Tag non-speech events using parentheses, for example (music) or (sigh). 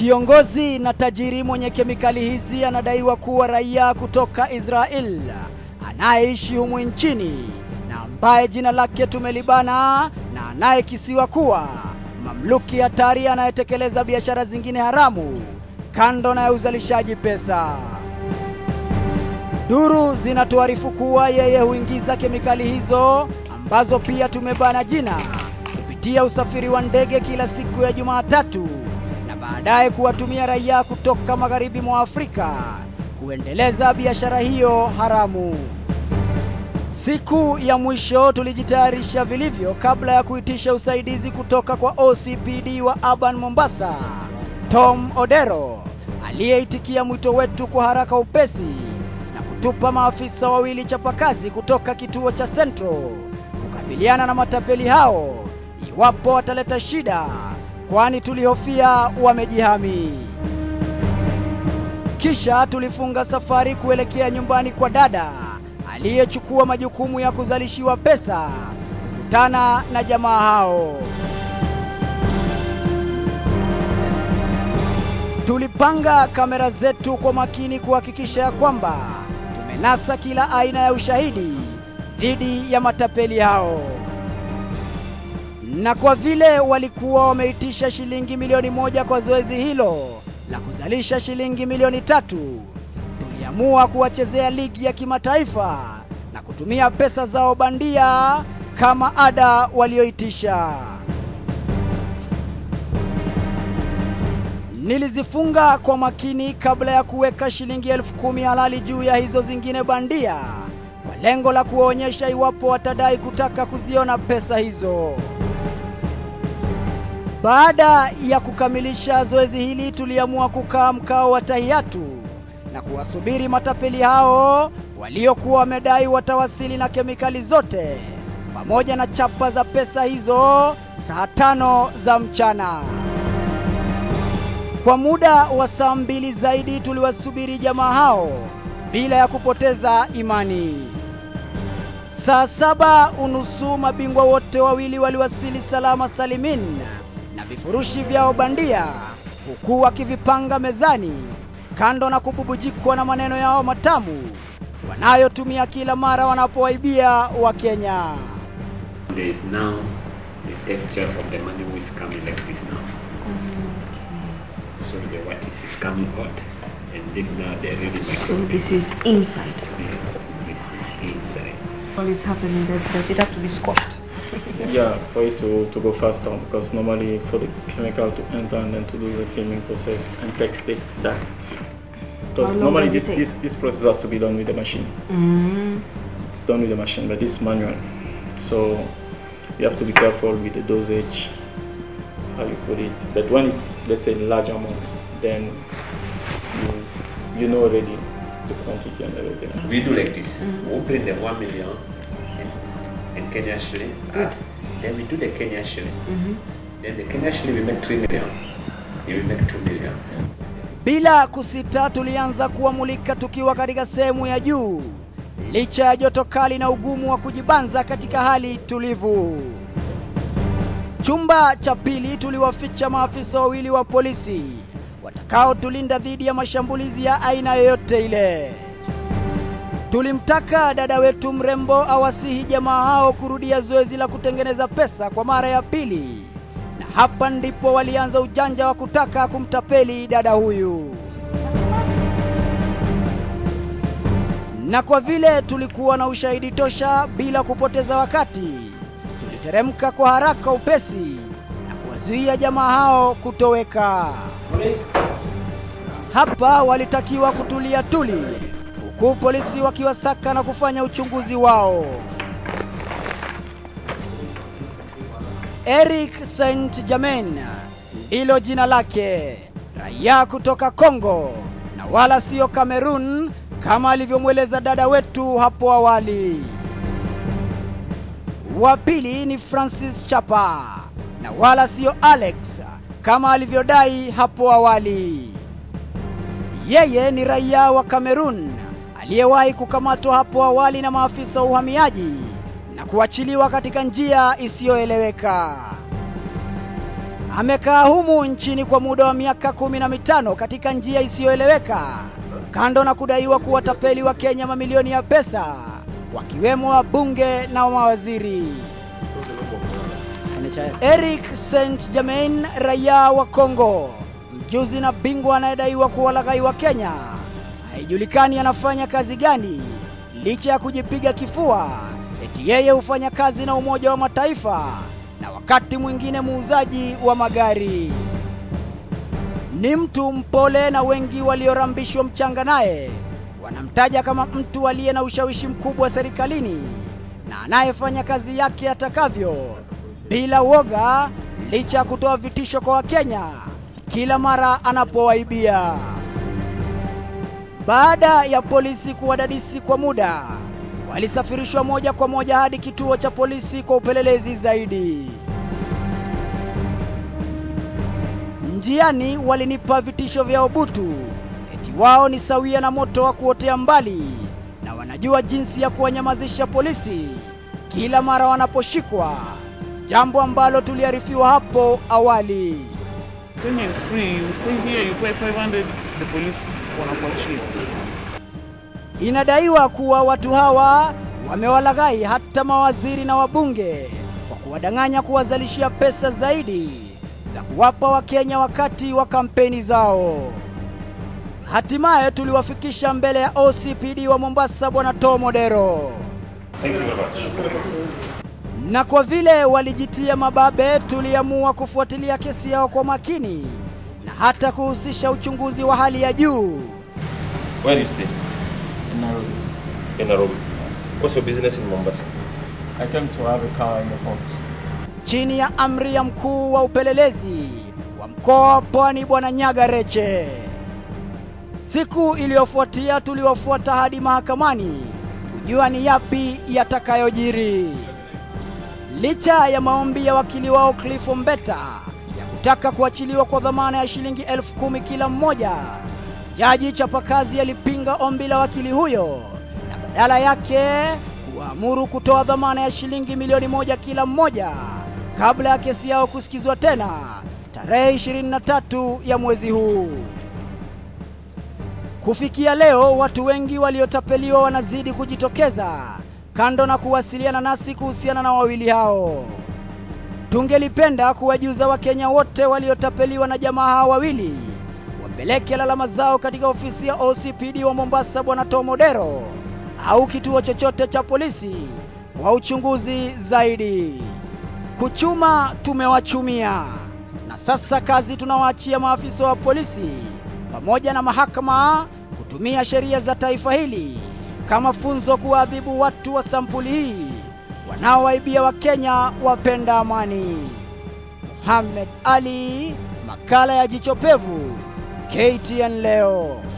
Kiongozi na tajiri mwenye kemikali hizi anadaiwa kuwa raia kutoka Israel anayeishi humu nchini na ambaye jina lake tumelibana na anayekisiwa kuwa mamluki hatari anayetekeleza biashara zingine haramu kando na ya uzalishaji pesa. Duru zinatuarifu kuwa yeye huingiza kemikali hizo ambazo pia tumebana jina kupitia usafiri wa ndege kila siku ya Jumatatu baadaye kuwatumia raia kutoka magharibi mwa Afrika kuendeleza biashara hiyo haramu. Siku ya mwisho tulijitayarisha vilivyo kabla ya kuitisha usaidizi kutoka kwa OCPD wa aban Mombasa, Tom Odero, aliyeitikia mwito wetu kwa haraka upesi na kutupa maafisa wawili chapakazi kutoka kituo cha Central kukabiliana na matapeli hao iwapo wataleta shida kwani tulihofia wamejihami. Kisha tulifunga safari kuelekea nyumbani kwa dada aliyechukua majukumu ya kuzalishiwa pesa, kukutana na jamaa hao. Tulipanga kamera zetu kwa makini kuhakikisha ya kwamba tumenasa kila aina ya ushahidi dhidi ya matapeli hao na kwa vile walikuwa wameitisha shilingi milioni moja kwa zoezi hilo la kuzalisha shilingi milioni tatu, tuliamua kuwachezea ligi ya kimataifa na kutumia pesa zao bandia kama ada walioitisha. Nilizifunga kwa makini kabla ya kuweka shilingi elfu kumi halali juu ya hizo zingine bandia, kwa lengo la kuwaonyesha iwapo watadai kutaka kuziona pesa hizo. Baada ya kukamilisha zoezi hili, tuliamua kukaa mkao wa tahiyatu na kuwasubiri matapeli hao waliokuwa wamedai watawasili na kemikali zote pamoja na chapa za pesa hizo saa tano za mchana. Kwa muda wa saa mbili zaidi tuliwasubiri jamaa hao bila ya kupoteza imani. Saa saba unusu mabingwa wote wawili waliwasili salama salimin vifurushi vyao bandia, huku wakivipanga mezani, kando na kububujikwa na maneno yao matamu wanayotumia kila mara wanapowaibia Wakenya. There is now the texture of the money who is coming like this now. So the what is is coming and now they really So this is inside. this is inside. What is happening? Does it have to be squashed? (laughs) yeah, for it to, to go faster because normally for the chemical to enter and then to do the steaming process and takes the exact. Because normally this, this, this process has to be done with the machine. Mm. It's done with the machine, but it's manual. So you have to be careful with the dosage, how you put it. But when it's, let's say, large amount, then you, you know already the quantity and everything. We do like this. Mm We bring the 1 million and Kenya shilling. Uh, Good. Then we do the Kenya shilling. Mm-hmm. Then the Kenya shilling we make 3 million. Then we make 2 million. Bila kusita tulianza kuwamulika tukiwa katika sehemu ya juu, licha ya joto kali na ugumu wa kujibanza katika hali tulivu. Chumba cha pili tuliwaficha maafisa wawili wa polisi watakaotulinda dhidi ya mashambulizi ya aina yoyote ile. Tulimtaka dada wetu mrembo awasihi jamaa hao kurudia zoezi la kutengeneza pesa kwa mara ya pili, na hapa ndipo walianza ujanja wa kutaka kumtapeli dada huyu. Na kwa vile tulikuwa na ushahidi tosha, bila kupoteza wakati, tuliteremka kwa haraka upesi na kuwazuia jamaa hao kutoweka. Hapa walitakiwa kutulia tuli huku polisi wakiwasaka na kufanya uchunguzi wao. Eric Saint Germain ndilo jina lake, raia kutoka Kongo na wala siyo Kamerun kama alivyomweleza dada wetu hapo awali. Wa pili ni Francis Chapa na wala siyo Alex kama alivyodai hapo awali. Yeye ni raia wa Kamerun aliyewahi kukamatwa hapo awali na maafisa wa uhamiaji na kuachiliwa katika njia isiyoeleweka. Amekaa humu nchini kwa muda wa miaka kumi na mitano katika njia isiyoeleweka, kando na kudaiwa kuwatapeli wa Kenya mamilioni ya pesa, wakiwemo wabunge na mawaziri. Eric Saint Germain, raia wa Kongo, mjuzi na bingwa anayedaiwa kuwalaghai wa Kenya haijulikani anafanya kazi gani licha ya kujipiga kifua eti yeye hufanya kazi na Umoja wa Mataifa na wakati mwingine muuzaji wa magari. Ni mtu mpole na wengi waliorambishwa mchanga naye wanamtaja kama mtu aliye na ushawishi mkubwa serikalini na anayefanya kazi yake atakavyo bila woga, licha ya kutoa vitisho kwa Wakenya kila mara anapowaibia. Baada ya polisi kuwadadisi kwa muda, walisafirishwa moja kwa moja hadi kituo cha polisi kwa upelelezi zaidi. Njiani walinipa vitisho vya ubutu, eti wao ni sawia na moto wa kuotea mbali na wanajua jinsi ya kuwanyamazisha polisi kila mara wanaposhikwa, jambo ambalo tuliarifiwa hapo awali. Kenya is free. You stay here, you pay 500, the police wanakuachia. Inadaiwa kuwa watu hawa wamewalaghai hata mawaziri na wabunge kwa kuwadanganya kuwazalishia pesa zaidi za kuwapa Wakenya wakati wa kampeni zao. Hatimaye tuliwafikisha mbele ya OCPD wa Mombasa, Bwana Tom Odero. Thank you very much na kwa vile walijitia mababe, tuliamua kufuatilia kesi yao kwa makini na hata kuhusisha uchunguzi wa hali ya juu. Where is stay? In Nairobi. In Nairobi. What's your business in Mombasa? I came to have a car in the port. Chini ya amri ya mkuu wa upelelezi wa mkoa wa Pwani Bwana Nyaga Reche. Siku iliyofuatia tuliwafuata hadi mahakamani kujua ni yapi yatakayojiri licha ya maombi ya wakili wao Cliff Mbeta ya kutaka kuachiliwa kwa dhamana ya shilingi elfu kumi kila mmoja. Jaji chapakazi alipinga ombi la wakili huyo na badala yake kuamuru kutoa dhamana ya shilingi milioni moja kila mmoja kabla ya kesi yao kusikizwa tena tarehe 23 ya mwezi huu. Kufikia leo, watu wengi waliotapeliwa wanazidi kujitokeza kando na kuwasiliana nasi kuhusiana na wawili hao. Tungelipenda kuwajuza Wakenya wote waliotapeliwa na jamaa hao wawili wapeleke lalama zao katika ofisi ya OCPD wa Mombasa, Bwana Tom Odero, au kituo chochote cha polisi kwa uchunguzi zaidi. Kuchuma tumewachumia, na sasa kazi tunawaachia maafisa wa polisi pamoja na mahakama kutumia sheria za taifa hili kama funzo kuwaadhibu watu wa sampuli hii wanaowaibia Wakenya wapenda amani. Muhammad Ali, makala ya Jicho Pevu, KTN Leo.